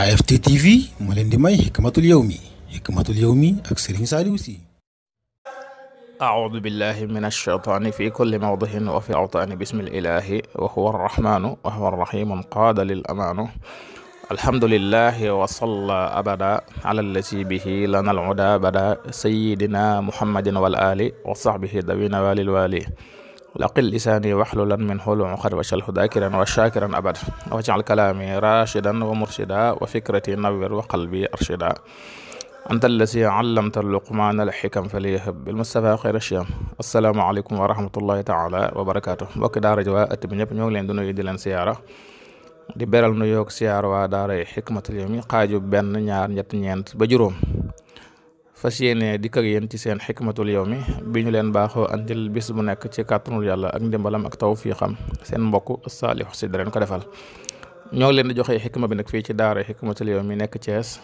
AFT TV moo may xikmatul yawmi xikmatul yawmi ak Serigne Saliou Sy aaudu fi kulli mawdihin wa fi awtaani bismi lilahi wa huwa arrahmanu wa huwa arrahimu qaada lil amaanu alhamdulillahi wa salla abada ala bihi lana al bada sayidina muhammadin wal ali wa sahbihi dawina walil wali laqil lisaani waxlulan min hulu uqad wacalhu dakiran wa shakiran abad wajal kalaami rashidan wa murshida wa fikrati nawir wa qalbi arshida anta allasi allamta luqmaana alxikam faliyahab bilmustafa xayra shiyam asalaamaaleykum wa rahmatullahi taala wa barakaatu mbokki daara ji waa ëtt bi ñëpp ñoo ngi leen di nuyu di leen siyaara di beral nu yoog siyaar waa daara yi xikmatul yawmi xaaju benn ñaar ñett ñeent ba juróom fas yéene dikk ak yéen ci seen xikmatul yawmi bi ñu leen baaxoo andil bis bu nekk ci kàttanul yàlla ak ndimbalam ak fi xam seen mbokk Saliou Sy dareen ko defal ñoo ngi leen di joxe xikma bi nag fii ci daara xikmatul yawmi nekk Thiès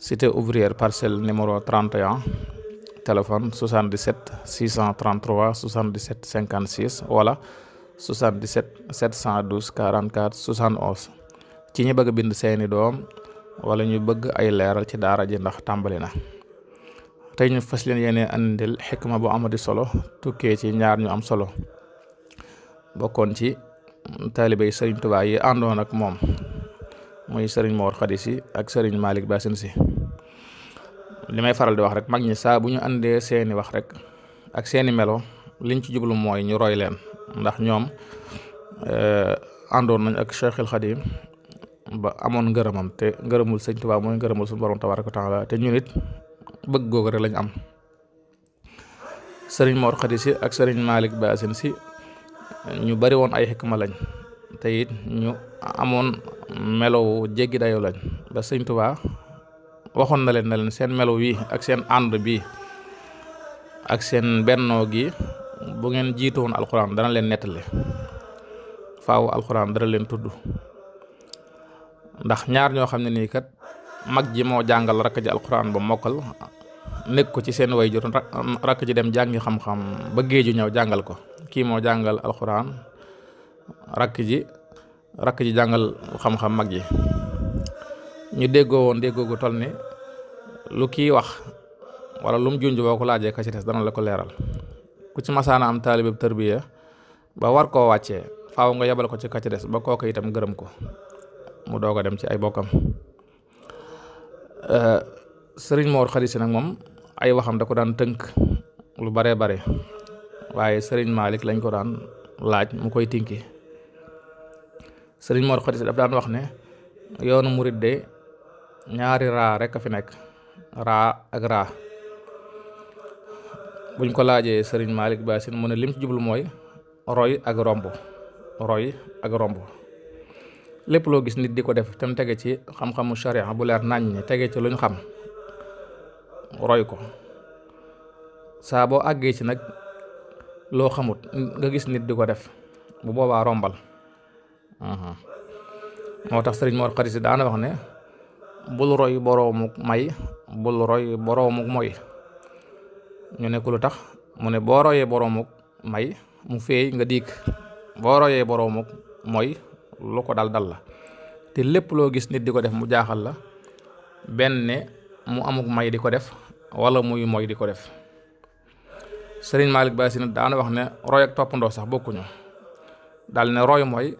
cité ouvrière parcelle numéro 31 téléphone 77 633 77 56 wala 77 712 44 71 ci ñi bëgg bind seeni doom wala ñu bëgg ay leeral ci daara ji ndax tàmbali na tey ñu fas leen yéene andil xikma bu amati solo tukkee ci ñaar ñu am solo bokkoon ci taalibey sëriñ Tuubaa yi àndoon ak moom muy sëriñ Mor Khady si ak sëriñ Malick Bassine si li may faral di wax rek mag ñi saa bu ñu àndee seeni wax rek ak seeni melo liñ ci jublu mooy ñu roy leen ndax ñoom eh, àndoon nañ ak Cheikhul Khadim ba amoon ngërëmam te ngërëmul sëriñ Tuubaa mooy ngërëmul suñu borom tabaaraka taala te ñu nit bëgg googu rek lañ am sëriñ Mor Khady si ak sëriñ Malick Bassine si ñu bari woon ay xikma lañ te ñu amoon melow jéggi dayoo lañ ba sëñ Tuubaa waxoon na leen na leen seen melow yi ak seen ànd bi ak seen bennoo gi bu ngeen woon alxuraan dana leen nettale faaw alxuraan dana leen tudd ndax ñaar ñoo xam ne nii kat mag ji moo jàngal rakk ji alxuraan ba mokkal nekk ko ci seen wayjur rakk ji dem jàngi xam-xam ba géeju ñëw jàngal ko kii moo jàngal alxuraan rakk ji rakk ji jàngal xam-xam mag yi ñu déggoo woon déggoo gu toll ni lu kiy wax wala lu mu junj boo ko laajee ka ci des dana la ko leeral ku ci masaana am taalibeb tërbiya ba war koo wàccee faaw nga yebal ko ci ka ci des ba kooku itam gërëm ko mu doog a dem ci ay bokkam. sëriñ Mor Khary nag moom ay waxam da ko daan tënk lu baree bare waaye sëriñ Malick lañ ko daan laaj mu koy tinki sëriñ Mor Khary daf daan wax ne yoonu murit de ñaari raa rek a fi nekk raa ak raa buñ ko laajee sëriñ Malick Bassine mu ne lim ci jublu mooy roy ak romb roy ak romb lépp loo gis nit di ko def tam tege ci xam-xamu sharia bu leer nañ ñi tege ci luñ xam roy ko saa boo àggee si nag loo xamut nga gis nit di ko def bu boobaa rombal moo tax sëriñ Mor Xarit daana wax ne bul roy boroomu may bul roy boroomu moy ñu ne ko lu tax mu ne boo royee boroomu may mu feey nga diig boo royee boroomu moy lu ko dal dal la te lépp loo gis nit di ko def mu jaaxal la benn mu amuk may di ko def wala muy mooy di ko def sëriñ Malick Ba si nag wax ne roy ak toppandoo sax bokkuñu daal ne roy mooy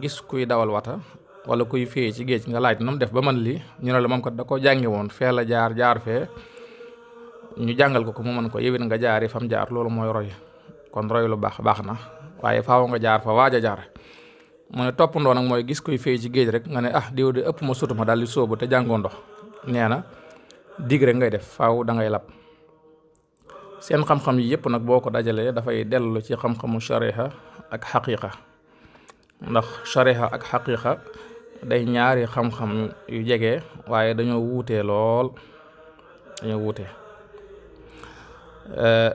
gis kuy dawal wata wala kuy fee ci géej nga laaj na mu def ba man lii ñu ne la moom kat da ko jànge woon fee la jaar jaar fee ñu jàngal ko ko mu mën ko yëwin nga jaari fam jaar loolu mooy roy kon roy lu baax baax na waaye faaw nga jaar fa waaj a jaar mu ne toppandoo nag mooy gis kuy fee ci géej rek nga ne ah diw de ëpp ma ma daal di sóobu te jàngoo ndox nee na dig ngay def faw dangay ngay seen xam-xam yi yëpp nag boo ko dajalee dafay dellu ci xam-xamu shariha ak xaqiqa ndax shariha ak xaqiqa day ñaari xam-xam yu jege waaye dañoo wuutee lool dañoo wuutee eh,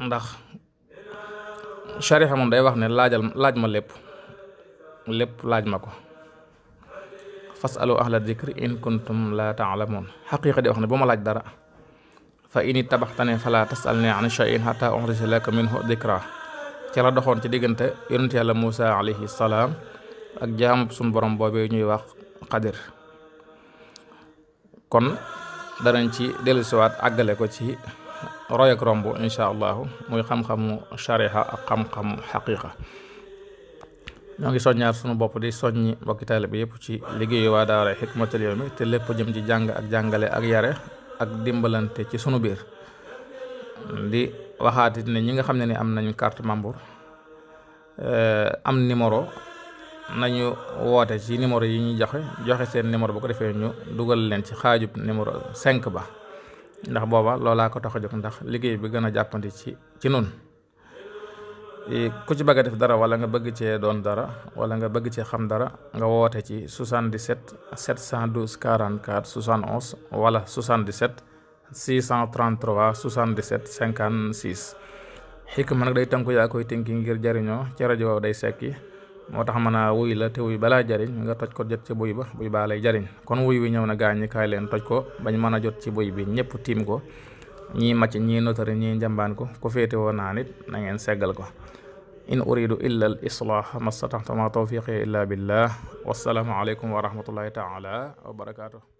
ndax shariha moom day wax ne laajal laaj ma lépp lépp laaj ma ko fasalu ahla dikri in kuntum la taalamuun xaqiqa di wax ne bu ma laaj dara fa ini tabaxtane fala tasalni an shay'in hatta uxrija laka minhu dikra ci la doxoon ci diggante yonent yàlla Muusa alayhi salaam ak jaamub suñ borom boobee ñuy wax xadir kon danañ ci dellusiwaat àggale ko ci roy ak romb incha allahu muy xam-xamu shariha ak xam-xamu xaqiqa ñoo ngi soññaat sunu bopp di soññi mbokki taalibe bi yëpp ci liggéeyu waa daara Hikmatul Yawmi te lépp jëm ci jàng ak jàngale ak yare ak dimbalante ci sunu biir di waxaatit ne ñi nga xam ne ni am nañu carte membre eh, am numéro nañu woote ci numéro yi ñuy joxe joxe seen numéro bu ko defee ñu dugal leen ci xaajub numéro cinq ba ndax booba loolaa ko tax a jóg ndax liggéey bi gën a jàppandi ci ci nun ku ci bëgg a def dara wala nga bëgg cee doon dara wala nga bëgg cee xam dara nga woote ci 77 712 44 71 wala 77 633 77 56. xikma nag day tënku yaa koy tënki ngir jariñoo ci rajo day sekki moo tax mën a wuy la te wuy balaa jariñ nga toj ko jot ci buy ba buy baa lay jariñ kon wuy wi ñëw na gaañi kaay leen toj ko bañ mën a jot ci buy bi ñëpp tiim ko. ñii macc ñii notari ñii njambaan ko ku féete woo naa nit na ngeen seggal ko in uridu illa al islaah mastataxtama tawfiqi illa billah wassalaamu aleykum wa rahmatullahi taala